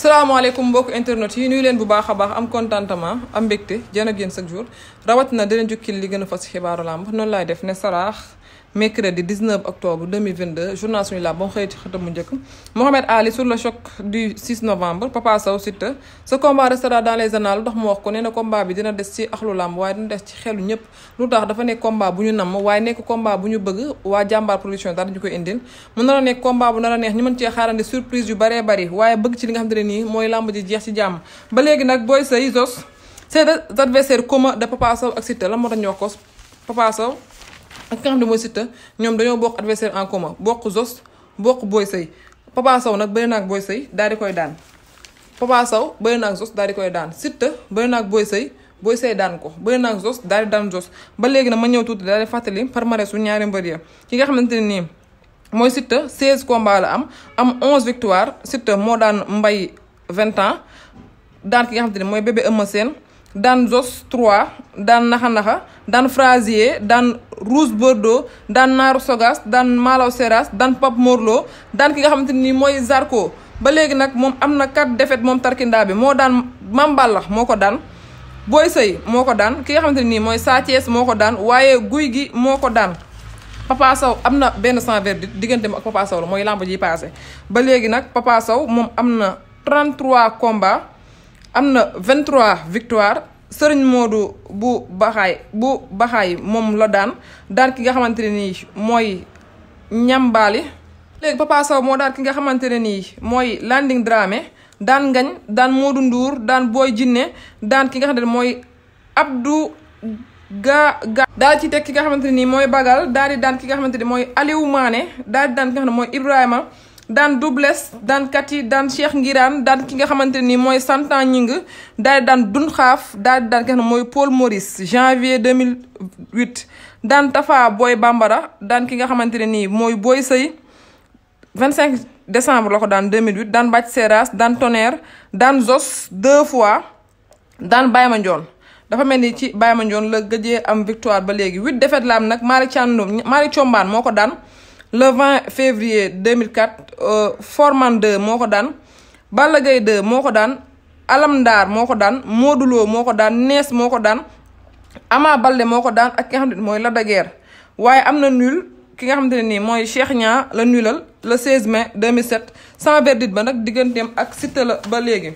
salaamaaleykum mbokk internet yi nuyu leen bu baax a baax am contentement am mbégte jën ak yéen chaque jour rawat na dina jukkil li gën a fas xibaaru làmb noonu laay def ne saraax mercredi 19 octobre 2022 journal suñu làmb ba mu xëy ci xëtam mu njëkk Mohamed Ali sur le choc du novembre Papa Sow Siteu ce combat dans les annales ndax mu wax ko nee na combat bi dina des ci axlu làmb waaye dina des ci xelu ñëpp lu tax dafa nekk combat bu ñu namm waaye nekk combat bu ñu bëgg waa jàmbaar production dara ñu koy indil mu nar a nekk combat bu nar a neex ñu mën cee xaarandi surprise yu baree bari waaye bëgg ci li nga xam ne nii mooy làmb ji jeex ci jàmm ba léegi nag Boy Seye Zos c'est des adversaires communs de Papa Sow ak ko Papa ak nga xam ne mooy Siteu ñoom dañoo bokk adversaire en commun bokk Zos bokk booy Sey Papa Sow nag bëri na ak Boy Sey daal di koy daan Papa Sow bëri na ak Zos daal di koy daan Siteu bëri na ak Boy Sey Sey daan ko bëri na ak daal di daan Zos ba léegi nag ma ñëw tuuti daal di fàttali palmarès su ñaari mbër ya ki nga xamante ne nii mooy Siteu 16 combats am am 11 victoire Siteu moo daan mbay 20 ans daan ki mooy bébé Eumeu Sène daan Zos 3 daan Naxa Naxa daan Frazier daan Rouge Bordeaux daan Naaru Sogas daan Malaw Seras daan Pape Morlo daan ki nga xamante ni mooy Zarko ba léegi nag moom am na 4 défaites moom tarkindaa bi moo daan Mamballa moo ko daan Boy Sey moo ko daan ki nga xamante ni mooy Sa Thiès moo ko daan waaye Guy gi moo ko daan Papa Sow am na benn sans verdict digganteem ak Papa Sow la mooy lamb ji paase ba léegi nag Papa Sow moom am na 33 combats. am na 23 victoire sëriñ moodu bu baxaay bu baxaay moom la daan daan ki nga xamante ne nii mooy ñambaali léegi Papa moo daan ki nga xamante ne nii mooy Landing Dramé daan ngañ daan moodu nduur daan booy Jinne daan ki nga xamante mooy Abdou gaa ga daal ci teg ki nga xamante nii mooy Bagal daal di daan ki nga xamante ne mooy Aliou Mané daal di daan ki nga xam mooy Ibrahima daan Doubless daan Kati daan Cheikh Ngiraan daan ki nga xamante nii mooy Santan Gning daal daan Dun Xaaf daal di daan ki nga xam mooy Paul Maurice janvier 2008 daan Tafa booy Bambara daan ki nga xamante ne nii mooy Boy Sey cinq décembre la ko daan 2008 daan Bac Seras daan Tonnerre daan Zos deux fois daan Bayma Ndione dafa mel ni ci Bayma Ndione la gëjee am victoire ba léegi 8 défaites la am nag Malick Thiandoum Malick moo ko daan. le 20 février 2004 euh, Forman 2 moo ko daan Balla Gaye 2 moo ko daan Alamdar moo ko daan Modou moo ko daan Nees moo ko daan Ama Balde moo ko daan ak ki nga xam ne mooy la de waaye am na nul ki nga xam ne nii mooy Cheikh Niang la nulal le 16 mai 2007 sans verdict ba nag digganteem ak Siteu la ba léegi.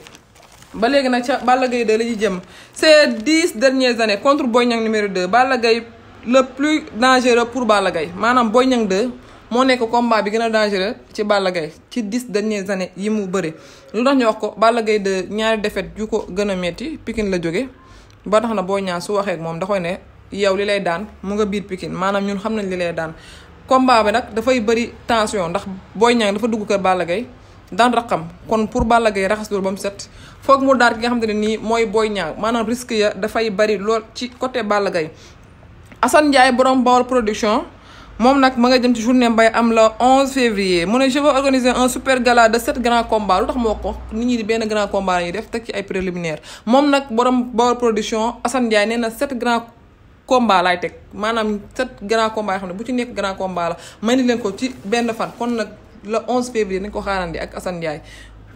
ba léegi nag ca Balla Gaye 2 la jëm ces dix dernières années contre Boy Niang numéro 2 Balla Gaye le plus dangereux pour Balla Gaye maanaam Boy Niang 2 moo nekk combat bi gën a dangereux ci Balla Gaye ci dis dernières années yi mu bëri lu tax ñu wax ko Balla Gaye de ñaari défaite yu ko gën a metti Pikine la jóge ba tax na boo ñaar su waxee ak moom da ne yow li lay daan mu nga biir Pikine maanaam ñun xam nañ li lay daan combat bi nag dafay bëri tension ndax Boy Niang dafa dugg kër Balla Gaye daan raqam kon pour Balla gay raxas ba mu set foog mu daar ki nga xam te ne nii mooy Boy Niang maanaam risque ya dafay bëri lool ci côté Balla Gaye Assane Ndiaye borom Bawol production moom nag ma nga jëm ci journée mbay am la 11 février mu ne je veux organiser un super gala de sept grands combats lu tax moo ko nit ñi di benn grand combat la ñuy def teg ci ay préliminaire moom nag borom Bawol production Assane Ndiaye nee na sept grands combats laay teg maanaam set grands combats yoo xam ne bu ci nekk grand combat la may ni leen ko ci benn fan kon nag la 11 février nañ ko xaarandi ak Assane Ndiaye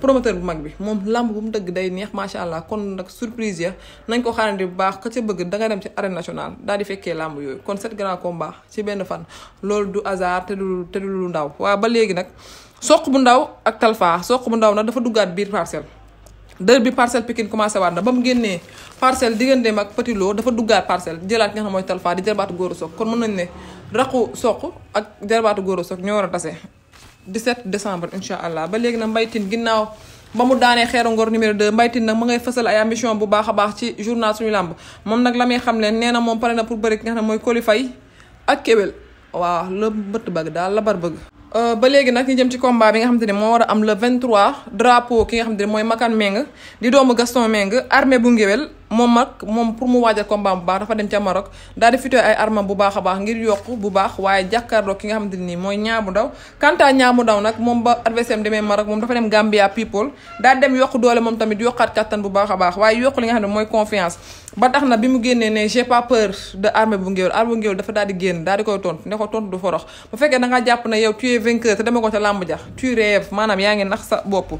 promoteur bu mag bi moom làmb bu mu dëgg day neex macha allah kon nag surprise ya nañ ko xaarandi bu baax ka ca bëgg danga dem ci arène nationale daal di fekkee lamb yooyu kon sept grand combat ci benn fan loolu du hasard te du te du lu ndaw waaw ba léegi nag soq bu ndaw ak talfa soq bu ndaw nag dafa duggaat biir parcelle. dër bi parcelle Pikine commencé waat na ba mu génnee parcelle digganteem ak Petit dafa duggaat parcelle jëlaat nga xam mooy talfa di jarbaatu góor a soog kon mën ne raqu soq ak jarbaatu góor a ñoo war a tase 17 décembre incha allah ba léegi nag mbaytin ginnaaw ba mu daanee xeeru ngor numéro 2 mbaytin nag mu ngay fësal ay ambition bu baax a baax ci journal suñu làmb moom nag la muy xam leen nee na moom pare na pour bëri ki nga xam ne mooy qualifié ak kébel waaw la bëtt bëgg daal la bar bëgg euh, ba léegi nag ñu jëm ci combat bi nga xamante ne moo war a am le 23 drapeau ki nga xamante ne mooy Makan Meng di doomu Gaston Meng armée bu ngéwél moom mag moom pour mu waajal combat bu baax dafa dem ca Maroc daal di fitoo ay armam bu baax a baax ngir yokk bu baax waaye jàkkaarloo ki nga xamante ni mooy ñaabu ndaw kanta ñaabu ndaw nag moom ba adversaire demee Maroc moom dafa dem Gambia people daal dem yokk doole moom tamit yokkaat kattan bu baax a baax waaye yokk li nga xam ne mooy confiance ba tax na bi mu génnee ne j'ai pas peur de armée bu ngéwél armée bu ngéwél dafa daal di génn daal di koy tontu ko tontu du forox bu fekkee da ngaa jàpp ne yow tu es vainqueur ko ca làmb maanaam yaa ngi nax sa bopp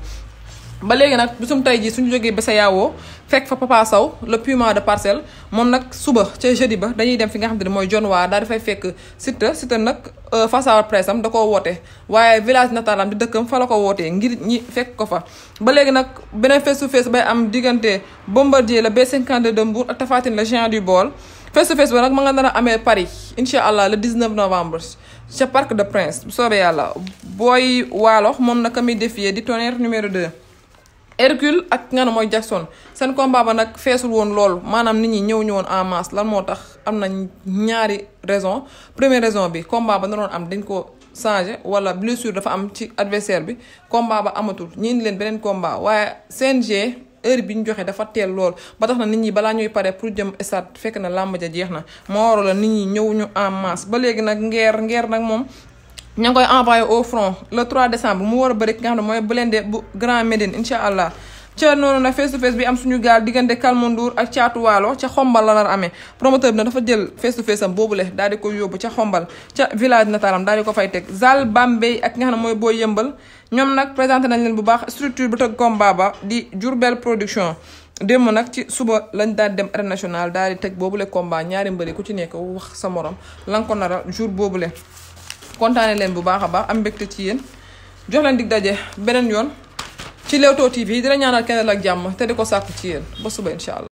ba léegi nag bisum tey jii suñu jógee Bessa Yawoo fekk fa Papa Sow le piment de parcelle moom nag suba ca jeudi ba dañuy dem fi nga xam ne ne mooy jon waa daal dafay fekk Siteu Siteu nag euh, face à da ko woote waaye village natalam di dëkkam fa la ko wootee ngir ñi fekk ko fa ba léegi nag beneen face to face bay am diggante Bombardier la B52 de Mbour ak Tapha Tine la géant du Baol face to face ba nag ma nga nar a amee Paris incha allah le 19 novembre ca de Prince bu soobee booy waalox moom nag ka muy défier di tonnerre numéro Hercule ak nga ne mooy Jackson seen combat ba nag feesul woon maanaam nit ñi ñëw ñu woon en masse lan moo tax am na ñaari raison première raison bi combat ba na naroon am dañ ko changé wala blessure dafa am ci adversaire bi combat ba amatul ñu indi leen beneen combat waaye CNG heure bi ñu joxee dafa teel lool ba tax na nit ñi balaa ñuy pare pour jëm stade fekk na làmb jeex na moo waral la nit ñi ñëw ñu en masse ba léegi nag ngeer ngeer nag moom ñu ngi koy envoyé au front le 3 décembre mu war a bëri ki nga xam ne mooy Blindé bu Grand Médine incha allah. ca noonu na face to face bi am suñu gaal diggante Kalmandour ak Caatu Waalo ca xombal la nar amee promoteur bi nag dafa jël face to face am boobule daal di ko yóbbu ca xombal ca village natalam daal di ko fay teg Zal Bambey ak nga xam ne mooy boo yëmbal ñoom nag présenté nañ leen bu baax structure bu tëgg combat ba di Diourbel production démb nag ci suba lañ daal dem arène nationale daal di teg boobule combat ñaari mbëri ku ci nekk wax sa morom la nga ko naral kontaane leen bu baax a baax am mbégte ci yéen jox leen dig daje beneen yoon ci Leewtoo TV dina ñaanal keneen ak jàmm te di ko sàkku ci yéen ba suba incha allah.